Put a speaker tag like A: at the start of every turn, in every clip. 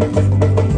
A: thank you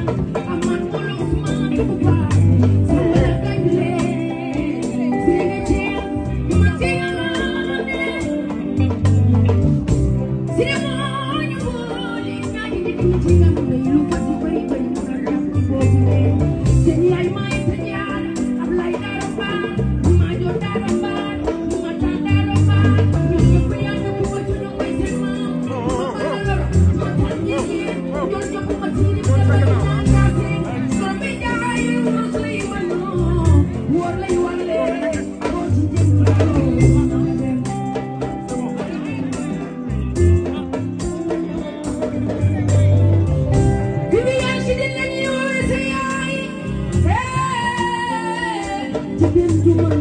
A: Never so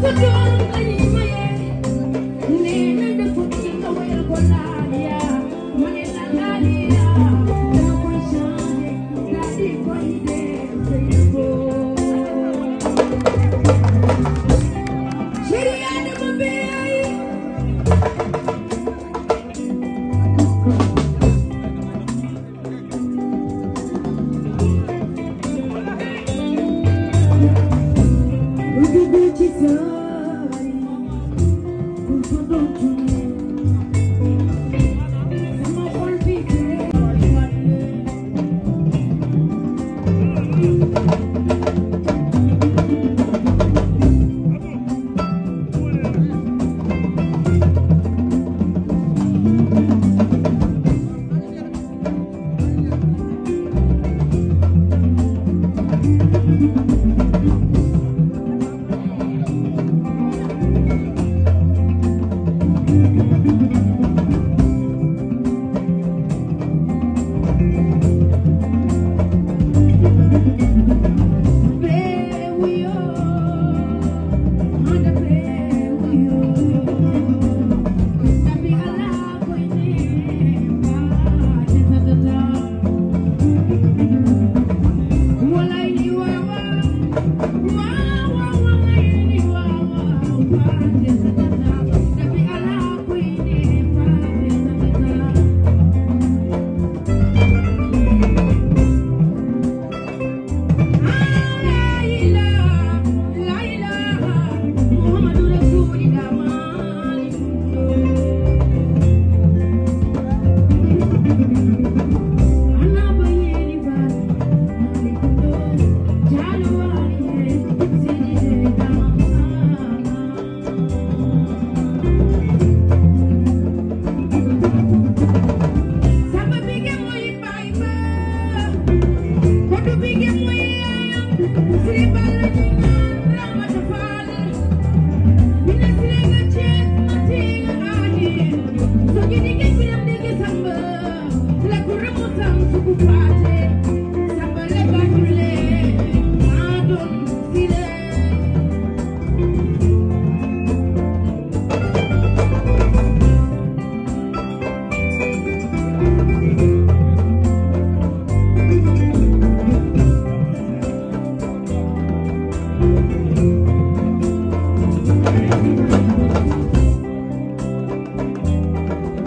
A: good, I need my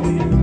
A: Thank you.